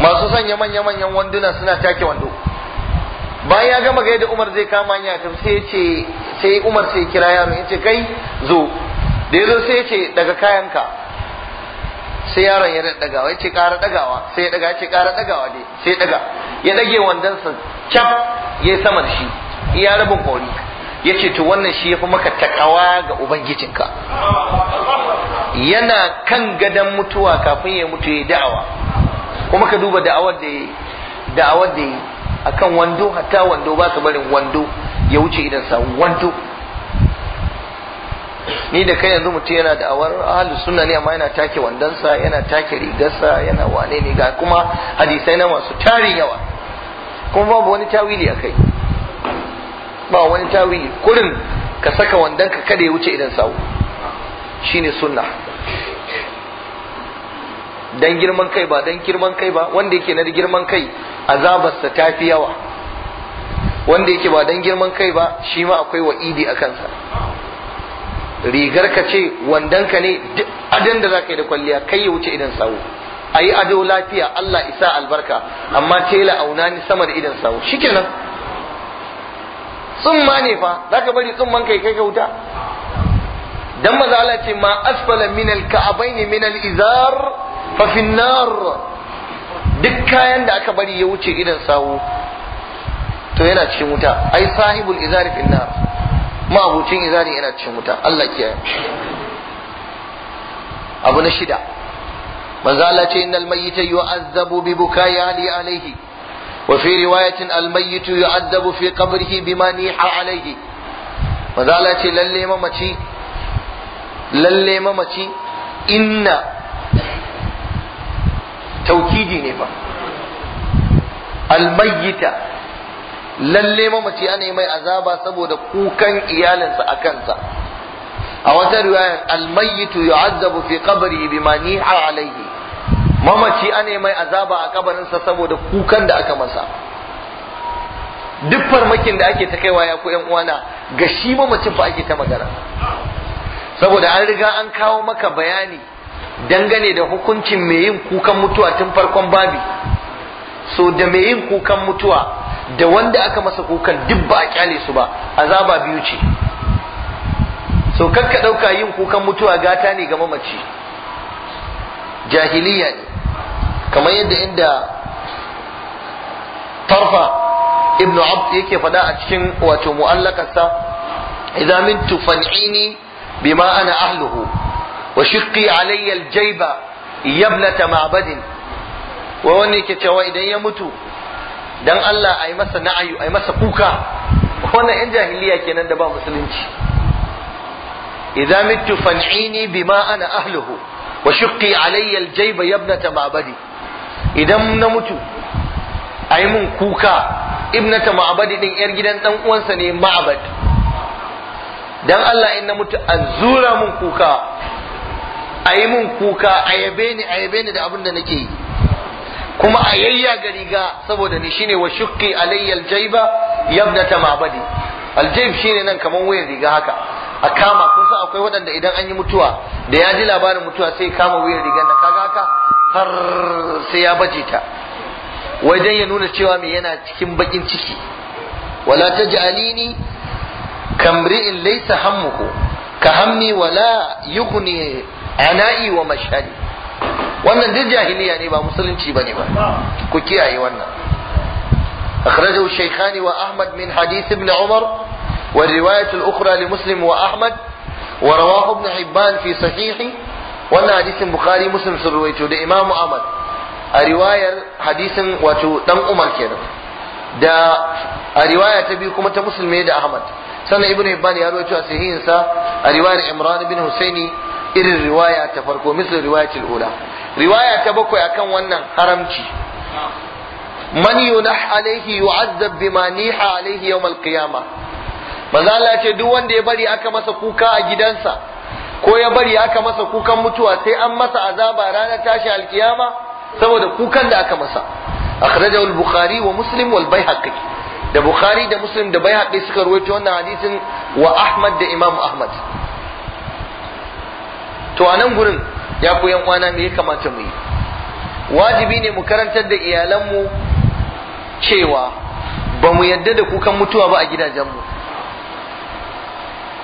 masu sanya manya manyan wanduna suna take wando bayan ya gama gaida umar zai kama ya ta sai ya ce sai umar sai kira yaro ya ce kai zo da ya zo sai ya ce daga kayanka sai yaron ya dagawa ya ce kara dagawa sai ya daga ya ce kara dagawa dai sai ya daga ya dage wandansa cap ya samar sama da shi iya rabin kori ya ce to wannan shi ya fi maka takawa ga ubangijinka yana kan gadon mutuwa kafin ya mutu ya da'awa kuma ka duba da'awar da yi da'awar da yi kan wando hatta wando ba ka barin wando ya wuce idan sa wando ni da kai yanzu mutum yana da'awar ahlu suna ne amma yana take wandonsa yana take rigarsa yana wane ne ga kuma hadisai na masu tarin yawa kuma babu wani tawili a kai ba wani tawili kurin ka saka wandon ka kada ya wuce idan sawu shine sunna dan girman kai ba dan girman kai ba wanda yake na girman kai azabarsa ta fi yawa wanda yake ba dan girman kai ba shi ma akwai wa'idi a kansa rigar ka ce ka ne duk adon da za ka yi da kwalliya kai ya wuce idan sawu a yi ado lafiya Allah isa albarka amma tela auna ni sama da idan sawu shikenan tsumma ne fa za ka bari tsumman kai kai ka wuta dan maza Allah ce ma asfala min al-ka'abaini min al-izar fa fi nar duk kayan da aka bari ya wuce idan sawu to yana cikin wuta ai sahibul izari fi nar ma abucin izari yana cikin wuta Allah kiyaye abu na shida manzo Allah ce innal mayyita yu'azzabu bi bukai ali alaihi وفي رواية الميت يعذب في قبره بما نيح عليه وذلك للي ممتي للي ممتي إن توكيدي نفا الميت lalle mamaci ana yi mai azaba saboda kukan iyalinsa a kansa a wata riwayar almayyitu yu'azzabu fi qabrihi bima mamaci ane mai azaba a kabarinsa saboda kukan da aka masa duk farmakin da ake ta kaiwa ya ku uwana ga shi mamacin fa ake ta magana saboda an riga an kawo maka bayani dangane da hukuncin mai yin kukan mutuwa tun farkon babi so da mai yin kukan mutuwa da wanda aka masa kukan duk ba a kyale su ba azaba biyu ce so kakka ɗauka yin kukan mutuwa gata ne ga mamaci jahiliya ne kamar yadda inda tarfa ibnu abd yake faɗa a cikin wato mu'allakarsa idza mintu fan'ini bima ana ahluhu wa shiqqi alayya aljayba yablata ma'badin wa wani ke cewa idan ya mutu dan Allah ai masa na'ayu ai masa kuka wannan yan jahiliya kenan da ba musulunci idza mittu fan'ini bima ana ahluhu wa shiqqi alayya aljayba yabnata ma'badi idan na mutu a yi mun kuka ibnata ma'abadi din yar gidan dan uwansa ne ma'abad dan Allah in na mutu a zura mun kuka a yi mun kuka a yabe ni a yabe ni da abin da nake yi kuma a yayya ga riga saboda ni shine wa shukki alayya aljaiba yabnata ma'abadi aljaib shine nan kamar wayar riga haka a kama kun san akwai waɗanda idan an yi mutuwa da ya ji labarin mutuwa sai kama wayar riga na kaga haka har sai ya baje ta wai dan ya nuna cewa me yana cikin bakin ciki wala taj'alini kamri'in laysa hammuhu ka hammi wala yughni ana'i wa mashhadi wannan duk jahiliya ne ba musulunci bane ba ku kiyaye wannan akhrajahu shaykhani wa ahmad min hadith ibn umar wa riwayat al-ukhra والرواية الأخرى لمسلم وأحمد ورواه ابن حبان في صحيحه wannan hadisin bukhari muslim sun ruwaito da imamu ahmad a riwayar hadisin wato dan umar kenan da a riwaya ta biyu kuma ta musulmi da ahmad sannan ibnu hibban ya ruwaito a sahihinsa a riwayar imran ibn husaini irin riwaya ta farko misal riwayatul ula riwaya ta bakwai akan wannan haramci man yunah alaihi yu'azzab bima niha alaihi yawm al-qiyamah manzo Allah ce duk wanda ya bari aka masa kuka a gidansa ko ya bari aka masa kukan mutuwa sai an masa azaba ranar tashi alkiyama saboda kukan da aka masa akhrajahu al-bukhari wa muslim wal baihaqi da bukhari da muslim da baihaqi suka ruwaito wannan hadisin wa ahmad da imam ahmad to a nan gurin ya ku yan uwana me ya kamata mu yi wajibi ne mu karantar da iyalanmu cewa ba mu yadda da kukan mutuwa ba a gidajenmu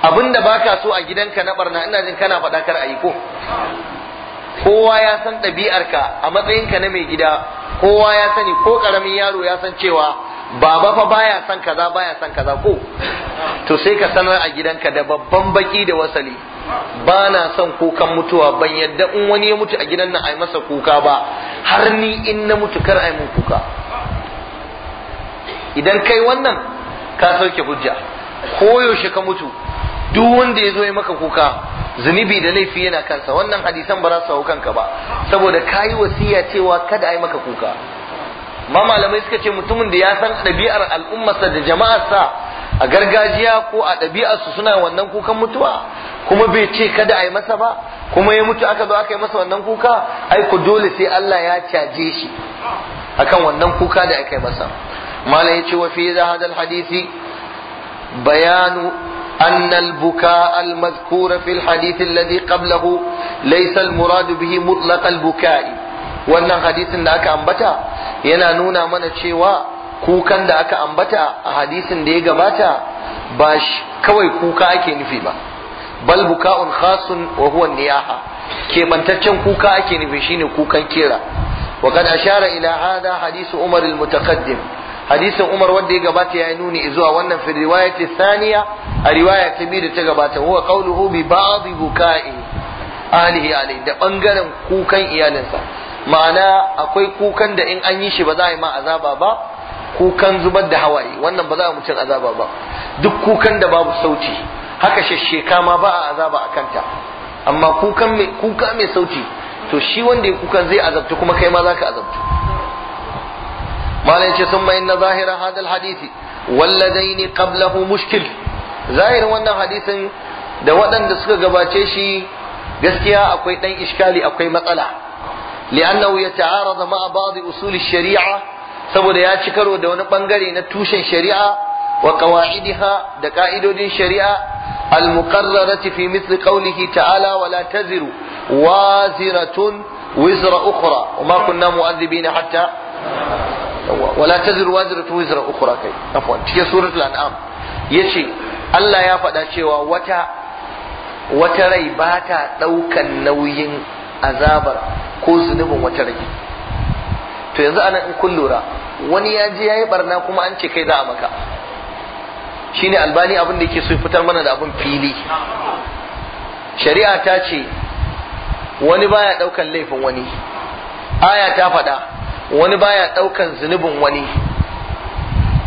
abinda baka so a gidanka na barna ina jin kana faɗa kar a yi ko kowa ya san ka a matsayinka na mai gida kowa ya sani ko ƙaramin yaro ya san cewa baba fa baya san kaza baya san kaza ko to sai ka sanar a gidanka da babban baki da wasali ba na son kukan mutuwa ban yadda in wani ya mutu a gidan nan a yi masa kuka ba har ni in na mutu kar a yi mun kuka idan kai wannan ka sauke hujja koyaushe ka mutu duk wanda ya zo ya maka kuka zunubi da laifi yana kansa wannan hadisan ba za su hau kanka ba saboda kayi wasiya cewa kada a maka kuka ma malamai suka ce mutumin da ya san ɗabi'ar al'ummarsa da jama'arsa a gargajiya ko a ɗabi'arsu suna wannan kukan mutuwa kuma bai ce kada a masa ba kuma ya mutu aka zo aka yi masa wannan kuka ai ku dole sai Allah ya caje shi akan wannan kuka da aka yi masa malam ya ce wa fi hadisi bayanu أن البكاء المذكور في الحديث الذي قبله ليس المراد به مطلق البكاء wannan hadisin da aka ambata yana nuna mana cewa kukan da aka ambata a hadisin da ya gabata ba kawai kuka ake nufi ba bal buka'un khasun wa huwa niyaha kebantaccen kuka ake nufi shine kukan kera wa kad ashara ila hada hadisu umar al-mutaqaddim hadisin Umar wanda ya gabata ya nuni zuwa wannan fi riwayati saniya a riwaya ta biyu da ta gabata huwa qawluhu bi ba'dhi buka'i alihi alai da bangaren kukan iyalinsa ma'ana akwai kukan da in an yi shi ba za a yi ma azaba ba kukan zubar da hawaye wannan ba za a mutum azaba ba duk kukan da babu sauti haka shasheka ma ba a azaba a kanta amma kuka mai sauti to shi wanda ya kuka zai azabta kuma kai ma za ka azabtu malai ce sun mai na zahira hadal hadisi walladaini qablahu mushkil zahirin wannan hadisin da waɗanda suka gabace shi gaskiya akwai ɗan iskali akwai matsala li'annahu yata'arada ma'a ba'd usul shari'a saboda ya ci karo da wani bangare na tushen shari'a wa qawaidiha da ka'idodin shari'a al-muqarrarati fi mithl qawlihi ta'ala wa la taziru waziratun wizra ukhra wa ma kunna mu'adhibina hatta wala tazir waziratu wizra ukura kai afwan cikin suratul an'am yace Allah ya faɗa cewa wata wata rai ba ta ɗaukan nauyin azabar ko zunubin wata rai to yanzu anan in kun lura wani ya je yayi barna kuma an ce kai za a maka shine albani abin da yake so fitar mana da abin fili shari'a ta ce wani baya ɗaukan laifin wani aya ta faɗa wani baya ɗaukan zunubin wani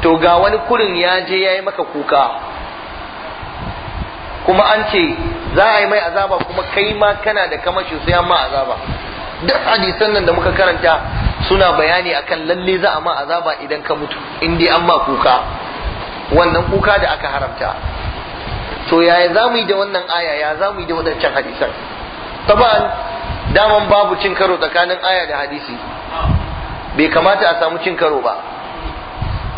to ga wani kurin ya je ya yi maka kuka kuma an ce za a yi mai azaba kuma kai ma kana da kamashi sai ma azaba duk hadisan nan da muka karanta suna bayani akan lalle za a ma azaba idan ka mutu in dai an ma kuka wannan kuka da aka haramta to yaya za mu yi da wannan aya ya za mu yi da wadancan hadisan Saban daman babu cin karo tsakanin aya da hadisi bai kamata a samu cin karo ba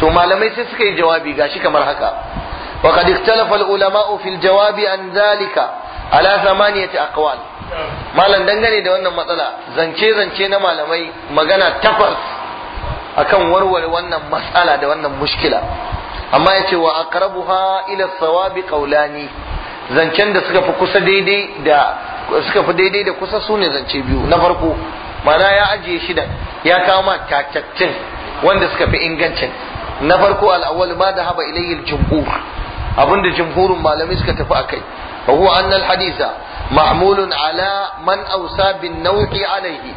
to malamai sai suka yi jawabi gashi kamar haka wa qad ikhtalafa al ulama fi jawabi an zalika ala thamaniyati aqwal malam dangane da wannan matsala zance zance na malamai magana tafas. akan warware wannan matsala da wannan mushkila amma yace wa aqrabuha ila sawabi qawlani zancen da suka fi kusa daidai da suka fi daidai da kusa sune zance biyu na farko mana ya ajiye shida ya kawo ma wanda suka fi ingancin na farko al'awwal ma da haba ilayhi al-jumhur abinda jumhurin malamai suka tafi akai kai. huwa anna al-haditha mahmulun ala man awsa bin nawhi alayhi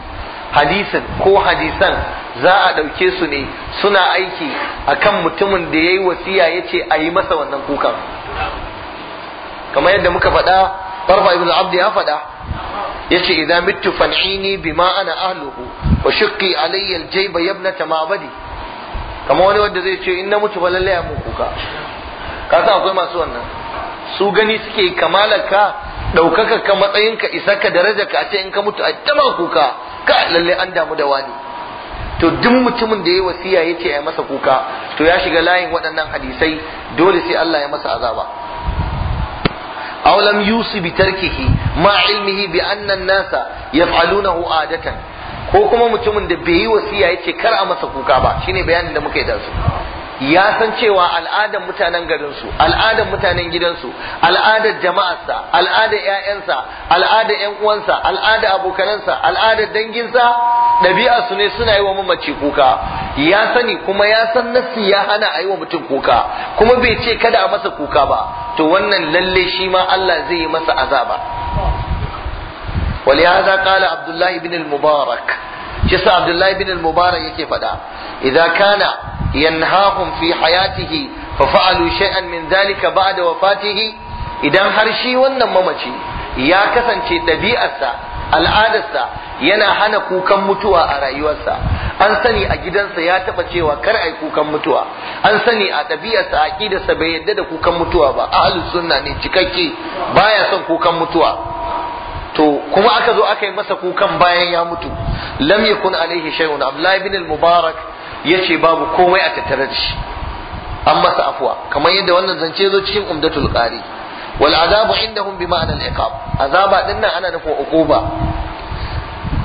hadisin ko hadisan za a dauke su ne suna aiki akan mutumin da yayi wasiya yace a yi masa wannan kukan kamar yadda muka faɗa farfa ibn ya faɗa yace idan mittu falhini bima ana ahluhu wa shaqqi alayya aljayba yabnata mabadi kamar wani wanda zai ce in na mutu ba lallai mu kuka ka san akwai masu wannan su gani suke kamalaka daukaka ka matsayinka ka daraja ka a ce in ka mutu a tama kuka ka lallai an damu da wani to duk mutumin da ya wasiya yace ya masa kuka to ya shiga layin waɗannan hadisai dole sai Allah ya masa azaba aw لم يوصي bi tarkihi علمه ilmihi bi يفعلونه adatan ko kuma mutumin da bai yi wasiya ce kar a masa kuka ba shine bayanin da muka yi da su ya san cewa al'adar mutanen garinsu al'adar mutanen gidansu al'adar jama'arsa al'adar 'ya'yansa al'adar 'yan uwansa al'adar abokanansa al'adar danginsa ɗabi'a su ne suna yi wa kuka ya sani kuma ya san nasi ya hana a yi wa mutum kuka kuma bai ce kada a masa kuka ba to wannan lalle shi ma Allah zai yi masa azaba walihaza qala Abdullahi ibn al mubarak shi sa abdullahi bin al-mubarak yake faɗa idan kana yanhahum fi hayatihi fa fa'alu shay'an min zalika ba'da wafatihi idan har shi wannan mamaci ya kasance ɗabi'arsa al'adarsa yana hana kukan mutuwa a rayuwarsa an sani a gidansa ya taɓa cewa kar a kukan mutuwa an sani a ɗabi'arsa a ƙidarsa bai yadda da kukan mutuwa ba ahlus sunna ne cikakke baya son kukan mutuwa to kuma aka zo aka yi masa kukan bayan ya mutu lam yakun alaihi shay'un abdullahi ibn al-mubarak yace babu komai a tattare da shi an masa afwa kamar yadda wannan zance zo cikin umdatul qari wal azabu indahum bi ma'anal iqab azaba dinnan ana nufin uquba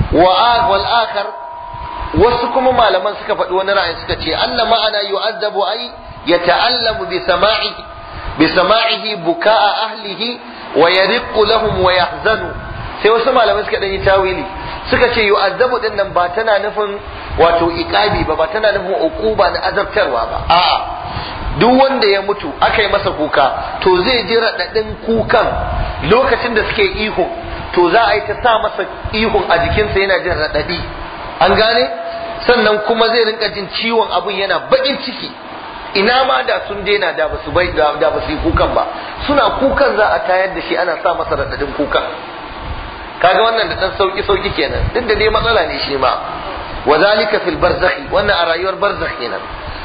wa wal akhar wasu kuma malaman suka faɗi wani ra'ayi suka ce anna ma'ana yu'azzabu ay yata'allamu bi sama'ihi bi sama'ihi buka'a ahlihi wa yariqu lahum wa yahzanu sai wasu malamai suka dan yi tawili suka ce yu'azzabu din nan ba tana nufin wato iqabi ba ba tana nufin uquba na azabtarwa ba a'a duk wanda ya mutu aka yi masa kuka to zai ji raɗaɗin kukan lokacin da suke ihu to za a yi ta sa masa ihun a jikinsa yana jin raɗaɗi an gane sannan kuma zai rinka jin ciwon abun yana baƙin ciki ina ma da sun daina da basu bai yi kukan ba suna kukan za a tayar da shi ana sa masa raɗaɗin kukan kaga wannan da dan sauki sauki kenan duk da dai matsala ne shi ma wa zalika fil barzakhi wannan a rayuwar barzakh kenan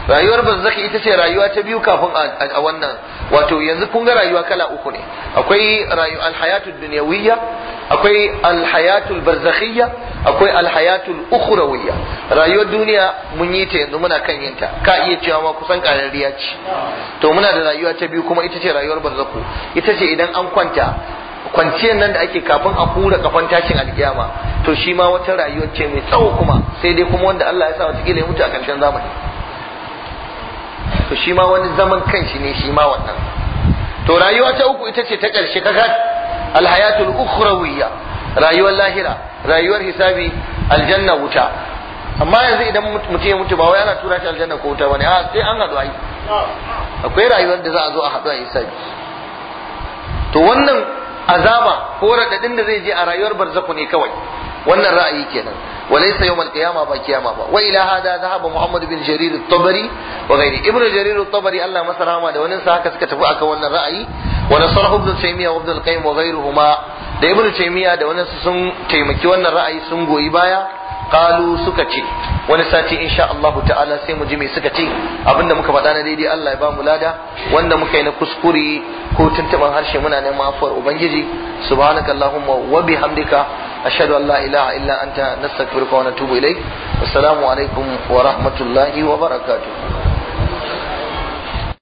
rayuwar barzakhi ita ce rayuwa ta biyu kafin a wannan wato yanzu kun ga rayuwa kala uku ne akwai rayu alhayatud dunyawiyya akwai alhayatul barzakhiyya akwai alhayatul ukhrawiyya rayuwar duniya mun yi ta yanzu muna kan yinta. ka iya cewa ma kusan karariya ce to muna da rayuwa ta biyu kuma ita ce rayuwar barzakhu ita ce idan an kwanta kwanciyar nan da ake kafin a hura kafan tashin alkiyama to shi ma wata rayuwar ce mai tsawo kuma sai dai kuma wanda Allah ya sa wata ya mutu a ƙarshen zamani to shi ma wani zaman kanshi ne shi ma wannan to rayuwa ta uku ita ce ta ƙarshe kaga alhayatul ukhrawiyya rayuwar lahira rayuwar hisabi aljanna wuta amma yanzu idan mutum ya mutu ba wai ana tura shi aljanna ko wuta bane a sai an hadu ai akwai rayuwar da za a zo a hadu a hisabi to wannan azaba ko radadin da zai je a rayuwar barzaku ne kawai wannan ra'ayi kenan walaysa yawmal qiyama ba kiyama ba wa ila hada dhahaba muhammad bin jarir at-tabari wa ghairi ibnu jarir at-tabari Allah masa rahama da sa haka suka tafi akan wannan ra'ayi wa nasarahu ibn taymiya wa ibn al-qayyim wa ghairuhuma da ibnu taymiya da wannan sun taimaki wannan ra'ayi sun goyi baya kalu suka ce wani sati insha Allah ta'ala sai mu ji me suka ce abinda muka faɗa na daidai Allah ya ba mu lada wanda muka yi na kuskure ko tuntuban harshe muna neman afuwar ubangiji subhanaka allahumma wa bihamdika ashhadu an la ilaha illa anta nastaghfiruka wa tubu ilai asalamu alaikum wa rahmatullahi wa barakatu.